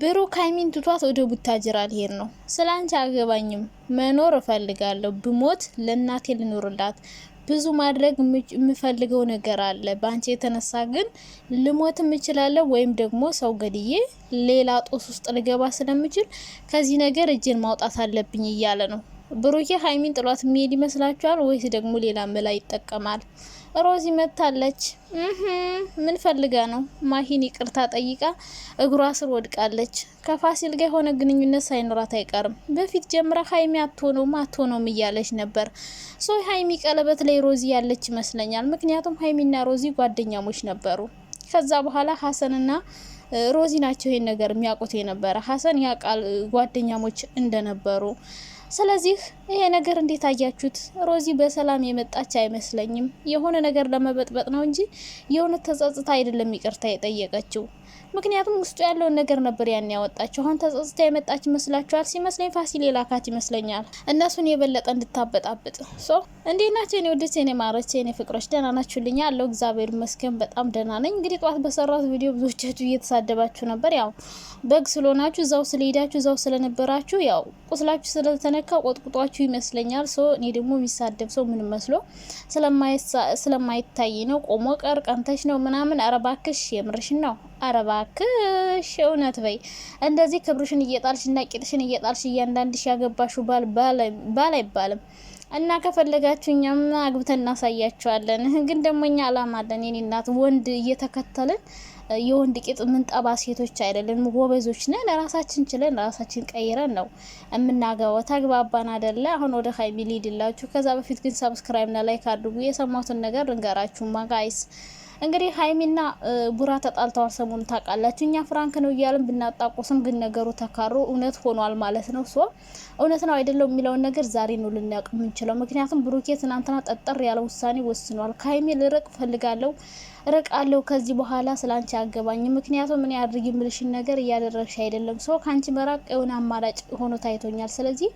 ብሩክ ሀይሚን ትቷት ወደ ቡታጅራ ልሄድ ነው። ስለ አንቺ አገባኝም፣ መኖር እፈልጋለሁ። ብሞት ለእናቴ ልኖርላት። ብዙ ማድረግ የምፈልገው ነገር አለ። በአንቺ የተነሳ ግን ልሞት እችላለሁ፣ ወይም ደግሞ ሰው ገድዬ ሌላ ጦስ ውስጥ ልገባ ስለምችል ከዚህ ነገር እጅን ማውጣት አለብኝ እያለ ነው ብሩኬ። ሀይሚን ጥሏት የሚሄድ ይመስላችኋል ወይስ ደግሞ ሌላ ምላ ይጠቀማል? ሮዚ መታለች። ምን ፈልጋ ነው? ማሂን ይቅርታ ጠይቃ እግሯ ስር ወድቃለች። ከፋሲል ጋር የሆነ ግንኙነት ሳይኖራት አይቀርም። በፊት ጀምራ ሀይሚ አትሆነውም አትሆነውም እያለች ነበር። ሶ ሀይሚ ቀለበት ላይ ሮዚ ያለች ይመስለኛል። ምክንያቱም ሀይሚና ሮዚ ጓደኛሞች ነበሩ። ከዛ በኋላ ሀሰንና ሮዚ ናቸው ይሄን ነገር የሚያውቁት የነበረ ሀሰን ያውቃል ጓደኛሞች እንደነበሩ ስለዚህ ይሄ ነገር እንዴት አያችሁት? ሮዚ በሰላም የመጣች አይመስለኝም። የሆነ ነገር ለመበጥበጥ ነው እንጂ የእውነት ተጸጽታ አይደለም ይቅርታ የጠየቀችው። ምክንያቱም ውስጡ ያለውን ነገር ነበር ያን ያወጣቸው። አሁን ተጸጽታ የመጣች ይመስላችኋል? ሲመስለኝ ፋሲል የላካት ይመስለኛል እነሱን የበለጠ እንድታበጣብጥ። ሶ እንዴት ናቸው የኔ ውዶች፣ የኔ ማረች የኔ ፍቅሮች ደህና ናችሁልኛ? አለው እግዚአብሔር ይመስገን በጣም ደህና ነኝ። እንግዲህ ጠዋት በሰራት ቪዲዮ ብዙዎቻችሁ እየተሳደባችሁ ነበር። ያው በግ ስለሆናችሁ እዛው ስለሄዳችሁ እዛው ስለነበራችሁ ያው ቁስላችሁ ስለተነካ ቆጥቁጧችሁ ይመስለኛል። ሶ እኔ ደግሞ የሚሳደብ ሰው ምን መስሎ ስለማይታይ ነው። ቆሞ ቀር ቀንተሽ ነው ምናምን። አረባክሽ የምርሽን ነው አረባክሽ እውነት በይ። እንደዚህ ክብርሽን እየጣልሽ እና ቂጥሽን እየጣልሽ እያንዳንድሽ ያገባሹ ባል ባል አይባልም። እና ከፈለጋችሁ እኛም አግብተን እናሳያችኋለን። ግን ደግሞ እኛ አላማ አለን። የኔ እናት ወንድ እየተከተልን የወንድ ቂጥ ምንጠባ ሴቶች አይደለን፣ ጎበዞች ነን። ራሳችን ችለን ራሳችን ቀይረን ነው የምናገባው። ተግባባን አደለ? አሁን ወደ ሀይሚ ሊድላችሁ። ከዛ በፊት ግን ሰብስክራይብ ና ላይክ አድርጉ። የሰማሁትን ነገር ልንገራችሁ ማጋይስ እንግዲህ ሀይሚና ቡራ ተጣልተዋል። ሰሞኑን ታውቃላችሁ። እኛ ፍራንክ ነው እያልን ብናጣቁስም ግን ነገሩ ተካሮ እውነት ሆኗል ማለት ነው። ሶ እውነት ነው አይደለው የሚለውን ነገር ዛሬ ነው ልናውቅ የምንችለው። ምክንያቱም ብሩኬ ትናንትና ጠጠር ያለ ውሳኔ ወስኗል። ከሀይሚ ልርቅ ፈልጋለሁ ርቃለሁ ከዚህ በኋላ ስለ አንቺ አገባኝ። ምክንያቱም እኔ አድርጊ የምልሽን ነገር እያደረግሽ አይደለም። ሰው ከአንቺ መራቅ የሆነ አማራጭ ሆኖ ታይቶኛል። ስለዚህ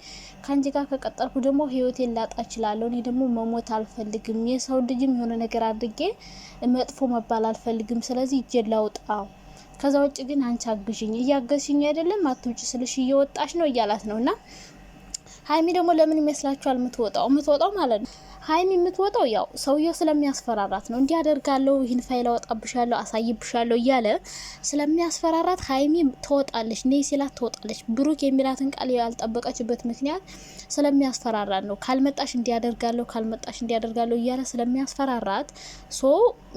ከአንቺ ጋር ከቀጠልኩ ደግሞ ህይወቴን ላጣ እችላለሁ። እኔ ደግሞ መሞት አልፈልግም። የሰው ልጅም የሆነ ነገር አድርጌ መጥፎ መባል አልፈልግም። ስለዚህ እጄን ላውጣ። ከዛ ውጭ ግን አንቺ አግዥኝ። እያገዝሽኝ አይደለም፣ አትውጭ ስልሽ እየወጣሽ ነው እያላት ነው እና ሀይሚ ደግሞ ለምን ይመስላችኋል የምትወጣው የምትወጣው ማለት ነው ሀይሚ የምትወጣው ያው ሰውየው ስለሚያስፈራራት ነው። እንዲህ አደርጋለሁ፣ ይህን ፋይል አወጣብሻለሁ፣ አሳይብሻለሁ እያለ ስለሚያስፈራራት ሀይሚ ትወጣለች። ነይ ሲላት ትወጣለች። ብሩክ የሚላትን ቃል ያልጠበቀችበት ምክንያት ስለሚያስፈራራት ነው። ካልመጣሽ እንዲያደርጋለሁ፣ ካልመጣሽ እንዲያደርጋለሁ እያለ ስለሚያስፈራራት ሶ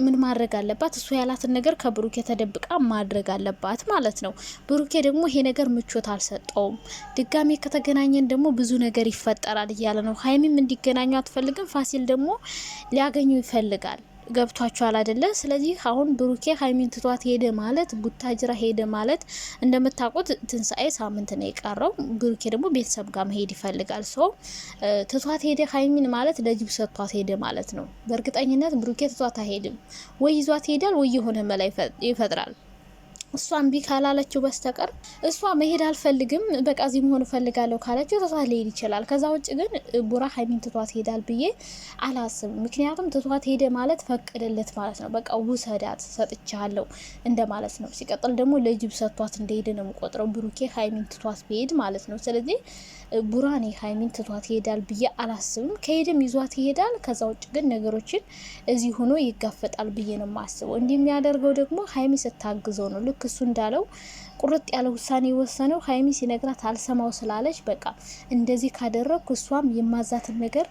ምን ማድረግ አለባት? እሱ ያላትን ነገር ከብሩኬ ተደብቃ ማድረግ አለባት ማለት ነው። ብሩኬ ደግሞ ይሄ ነገር ምቾት አልሰጠውም። ድጋሜ ከተገናኘን ደግሞ ብዙ ነገር ይፈጠራል እያለ ነው። ሀይሚም እንዲገናኙ አትፈልግም። ፋሲል ደግሞ ሊያገኙ ይፈልጋል። ገብቷቸዋል አይደለ? ስለዚህ አሁን ብሩኬ ሀይሚን ትቷት ሄደ ማለት ቡታጅራ ሄደ ማለት እንደምታውቁት ትንሳኤ ሳምንት ነው የቀረው። ብሩኬ ደግሞ ቤተሰብ ጋር መሄድ ይፈልጋል። ሰው ትቷት ሄደ ሀይሚን ማለት ለጅብ ሰጥቷት ሄደ ማለት ነው። በእርግጠኝነት ብሩኬ ትቷት አይሄድም። ወይ ይዟት ይሄዳል ወይ የሆነ መላ ይፈጥራል። እሷ እምቢ ካላለችው በስተቀር እሷ መሄድ አልፈልግም በቃ እዚህ መሆን እፈልጋለሁ ካለችው ትቷት ሊሄድ ይችላል። ከዛ ውጭ ግን ቡራ ሀይሚን ትቷት ሄዳል ብዬ አላስብም። ምክንያቱም ትቷት ሄደ ማለት ፈቅድለት ማለት ነው። በቃ ውሰዳት ሰጥቻለሁ ማለት ነው። ሲቀጥል ደግሞ ለጅብ ሰጥቷት እንደሄደ ነው የምቆጥረው ብሩኬ ሀይሚን ትቷት ብሄድ ማለት ነው። ስለዚህ ቡራኔ ሀይሚን ትቷት ይሄዳል ብዬ አላስብም። ከሄድም ይዟት ይሄዳል። ከዛ ውጭ ግን ነገሮችን እዚህ ሆኖ ይጋፈጣል ብዬ ነው የማስበው። እንዲህ የሚያደርገው ደግሞ ሀይሚ ስታግዘው ነው ልክ እሱ እንዳለው ቁርጥ ያለ ውሳኔ የወሰነው ሀይሚ ሲነግራት አልሰማው ስላለች በቃ እንደዚህ ካደረግኩ እሷም የማዛትን ነገር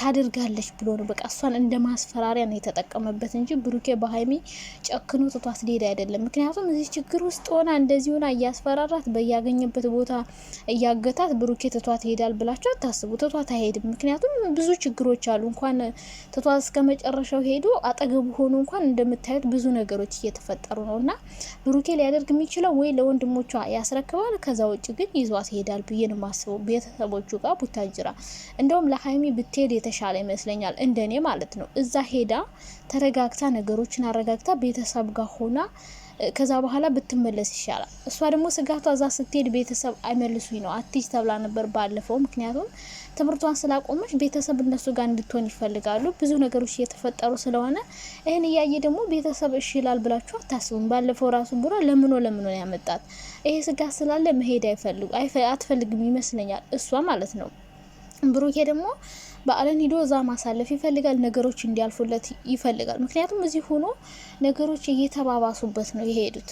ታደርጋለች ብሎ ነው በቃ እሷን እንደ ማስፈራሪያ ነው የተጠቀመበት እንጂ ብሩኬ በሀይሚ ጨክኖ ትቷት ሊሄድ አይደለም። ምክንያቱም እዚህ ችግር ውስጥ ሆና እንደዚህ ሆና እያስፈራራት በያገኘበት ቦታ እያገታት ብሩኬ ትቷት ይሄዳል ብላቸው አታስቡ። ትቷት አይሄድም። ምክንያቱም ብዙ ችግሮች አሉ። እንኳን ትቷት እስከ መጨረሻው ሄዶ አጠገቡ ሆኖ እንኳን እንደምታዩት ብዙ ነገሮች እየተፈጠሩ ነው እና ብሩኬ ሊያደርግ የሚችለው ወይ ለወንድሞቿ ያስረክባል፣ ከዛ ውጭ ግን ይዟት ይሄዳል ብዬ ነው የማስበው ቤተሰቦቹ ጋር ቡታጅራ እንደውም ለሀይሚ ብትሄድ የተሻለ ይመስለኛል፣ እንደኔ ማለት ነው። እዛ ሄዳ ተረጋግታ ነገሮችን አረጋግታ ቤተሰብ ጋር ሆና ከዛ በኋላ ብትመለስ ይሻላል። እሷ ደግሞ ስጋቷ እዛ ስትሄድ ቤተሰብ አይመልሱኝ ነው አትች ተብላ ነበር ባለፈው። ምክንያቱም ትምህርቷን ስላቆመች ቤተሰብ እነሱ ጋር እንድትሆን ይፈልጋሉ። ብዙ ነገሮች እየተፈጠሩ ስለሆነ ይህን እያየ ደግሞ ቤተሰብ እሺ ይላል ብላችሁ አታስቡም። ባለፈው ራሱ ቡራ ለምኖ ለምኖ ያመጣት። ይሄ ስጋት ስላለ መሄድ አትፈልግም ይመስለኛል እሷ ማለት ነው። ብሩኬ ደግሞ በዓልን ሂዶ እዛ ማሳለፍ ይፈልጋል። ነገሮች እንዲያልፉለት ይፈልጋል። ምክንያቱም እዚህ ሆኖ ነገሮች እየተባባሱበት ነው የሄዱት።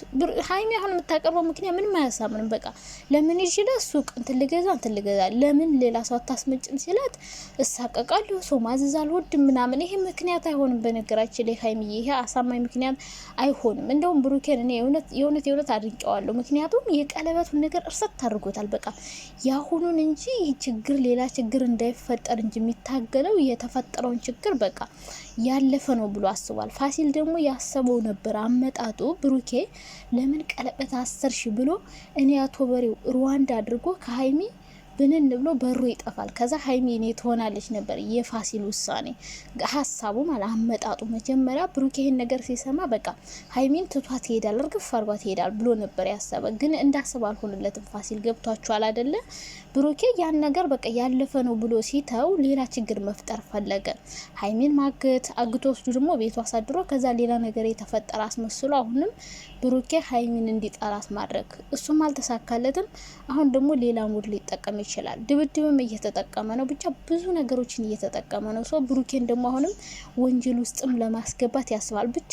ሀይሚ አሁን የምታቀርበው ምክንያት ምንም አያሳምንም። በቃ ለምን ይችለ ሱቅ እንትን ልገዛ እንትን ልገዛ ለምን ሌላ ሰው አታስመጭም ሲላት እሳቀቃለሁ፣ ሰው ማዝዛል፣ ውድ ምናምን። ይሄ ምክንያት አይሆንም። በነገራችን ላይ ሀይሚዬ ይሄ አሳማኝ ምክንያት አይሆንም። እንደውም ብሩኬን እኔ የእውነት የእውነት አድንቀዋለሁ። ምክንያቱም የቀለበቱን ነገር እርሰት ታድርጎታል። በቃ ያሁኑን እንጂ ችግር ሌላ ችግር እንዳይፈጠር እንጂ የሚታገለው የተፈጠረውን ችግር በቃ ያለፈ ነው ብሎ አስቧል። ፋሲል ደግሞ ያሰበው ነበር አመጣጡ። ብሩኬ ለምን ቀለበት አስር ሺ ብሎ እኔ አቶ በሬው ሩዋንዳ አድርጎ ከሀይሚ ብንን ብሎ በሩ ይጠፋል። ከዛ ሀይሚ እኔ ትሆናለች ነበር የፋሲል ውሳኔ ሀሳቡ ማለት አመጣጡ። መጀመሪያ ብሩክ ይሄን ነገር ሲሰማ በቃ ሀይሚን ትቷት ይሄዳል፣ እርግፍ አርጓት ይሄዳል ብሎ ነበር ያሰበ። ግን እንዳሰብ አልሆንለትም። ፋሲል ገብቷችኋል አደለ? ብሩኬ ያን ነገር በቃ ያለፈ ነው ብሎ ሲተው ሌላ ችግር መፍጠር ፈለገ። ሀይሚን ማገት አግቶ ወስዱ ደግሞ ቤቱ አሳድሮ ከዛ ሌላ ነገር የተፈጠረ አስመስሎ አሁንም ብሩኬ ሀይሚን እንዲጠላት ማድረግ እሱም አልተሳካለትም። አሁን ደግሞ ሌላ ሙድ ሊጠቀም ይችላል። ድብድብም እየተጠቀመ ነው። ብቻ ብዙ ነገሮችን እየተጠቀመ ነው። ሰው ብሩኬን ደግሞ አሁንም ወንጀል ውስጥም ለማስገባት ያስባል ብቻ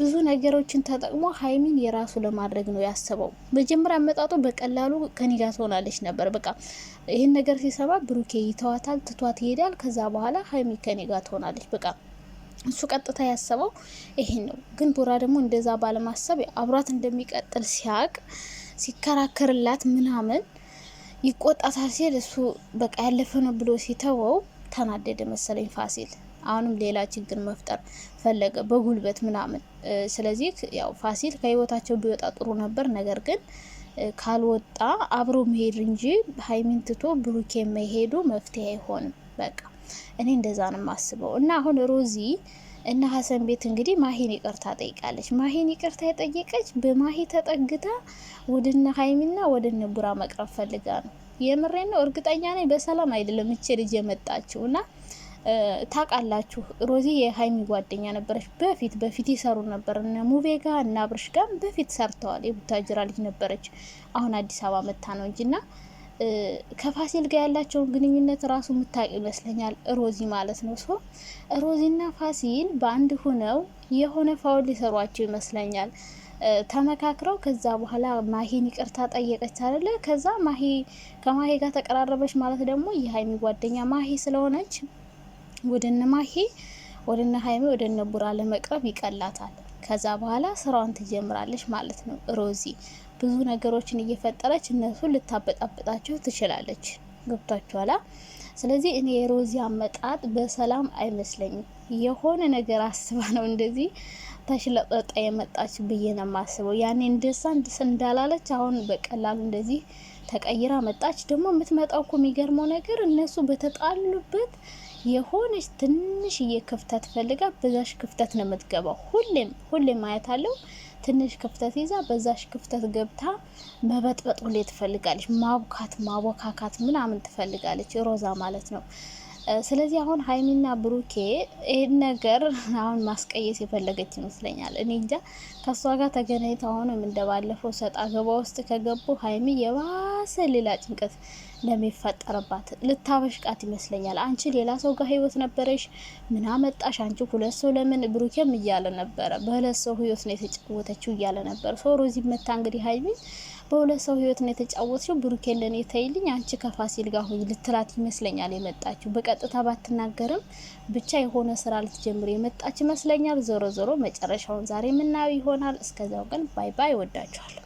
ብዙ ነገሮችን ተጠቅሞ ሀይሚን የራሱ ለማድረግ ነው ያሰበው። መጀመሪያ አመጣጡ በቀላሉ ከኒጋ ትሆናለች ነበር። በቃ ይህን ነገር ሲሰማ ብሩኬ ይተዋታል፣ ትቷት ይሄዳል። ከዛ በኋላ ሀይሚ ከኒጋ ትሆናለች በቃ እሱ ቀጥታ ያሰበው ይሄን ነው። ግን ቡራ ደግሞ እንደዛ ባለማሰብ አብሯት እንደሚቀጥል ሲያቅ ሲከራከርላት ምናምን ይቆጣታል ሲል እሱ በቃ ያለፈ ነው ብሎ ሲተወው ተናደደ መሰለኝ ፋሲል። አሁንም ሌላ ችግር መፍጠር ፈለገ በጉልበት ምናምን። ስለዚህ ያው ፋሲል ከህይወታቸው ቢወጣ ጥሩ ነበር። ነገር ግን ካልወጣ አብሮ መሄድ እንጂ ሀይሚን ትቶ ብሩኬ መሄዱ መፍትሄ አይሆንም። በቃ እኔ እንደዛ ነው የማስበው። እና አሁን ሮዚ እና ሀሰን ቤት እንግዲህ ማሂን ይቅርታ ጠይቃለች። ማሄን ይቅርታ የጠየቀች በማሄ ተጠግታ ወደነ ሀይሚና ወደነ ቡራ መቅረብ ፈልጋ ነው። የምሬ ነው፣ እርግጠኛ ነኝ በሰላም አይደለም እቼ ልጅ የመጣችው እና ታውቃላችሁ ሮዚ የሀይሚ ጓደኛ ነበረች። በፊት በፊት ይሰሩ ነበር እነ ሙቤ ጋ እና ብርሽ ጋም በፊት ሰርተዋል። የቡታጅራ ልጅ ነበረች። አሁን አዲስ አበባ መታ ነው እንጂ ና ከፋሲል ጋር ያላቸውን ግንኙነት ራሱ የምታውቅ ይመስለኛል ሮዚ ማለት ነው። ሶ ሮዚ ና ፋሲል በአንድ ሁነው የሆነ ፋውል ሊሰሯቸው ይመስለኛል ተመካክረው ከዛ በኋላ ማሄን ይቅርታ ጠየቀች አይደለ? ከዛ ማሄ ከማሄ ጋር ተቀራረበች ማለት ደግሞ የሀይሚ ጓደኛ ማሄ ስለሆነች ወደነ ማሂ ወደነ ሀይሚ ወደነ ቡራ ለመቅረብ ይቀላታል። ከዛ በኋላ ስራዋን ትጀምራለች ማለት ነው። ሮዚ ብዙ ነገሮችን እየፈጠረች እነሱ ልታበጣበጣቸው ትችላለች። ገብቷችኋላ? ስለዚህ እኔ የሮዚ አመጣጥ በሰላም አይመስለኝም። የሆነ ነገር አስባ ነው እንደዚህ ተሽለጠጣ የመጣች ብዬ ነው የማስበው። ያኔ እንደሳ እንዳላለች አሁን በቀላሉ እንደዚህ ተቀይራ መጣች። ደግሞ የምትመጣው እኮ የሚገርመው ነገር እነሱ በተጣሉበት የሆነች ትንሽዬ ክፍተት ፈልጋ በዛሽ ክፍተት ነው የምትገባው። ሁሌም ሁሌም ማየት አለው ትንሽ ክፍተት ይዛ በዛሽ ክፍተት ገብታ መበጥበጥ ሁሌ ትፈልጋለች። ማቡካት፣ ማቦካካት ምናምን ትፈልጋለች ሮዛ ማለት ነው። ስለዚህ አሁን ሀይሚና ብሩኬ ይህን ነገር አሁን ማስቀየስ የፈለገች ይመስለኛል። እኔ እንጃ ከእሷ ጋር ተገናኝተው አሁንም እንደባለፈው ሰጣ ገባ ውስጥ ከገቡ ሀይሚ የባሰ ሌላ ጭንቀት ለሚፈጠርባት ልታበሽቃት ይመስለኛል። አንቺ ሌላ ሰው ጋር ህይወት ነበረሽ፣ ምን አመጣሽ አንቺ ሁለት ሰው ለምን ብሩኬም እያለ ነበረ። በሁለት ሰው ህይወት ነው የተጫወተችው እያለ ነበር። ሶ መታ እንግዲህ ሀይሚ በሁለት ሰው ህይወት ነው የተጫወተችው፣ ብሩኬ ለእኔ ተይልኝ፣ አንቺ ከፋሲል ጋር ሁኝ ልትላት ይመስለኛል የመጣችው። በቀጥታ ባትናገርም ብቻ የሆነ ስራ ልትጀምር የመጣች ይመስለኛል። ዞሮ ዞሮ መጨረሻውን ዛሬ የምናየው ይሆናል። እስከዚያው ግን ባይ ባይ፣ ወዳችኋለሁ።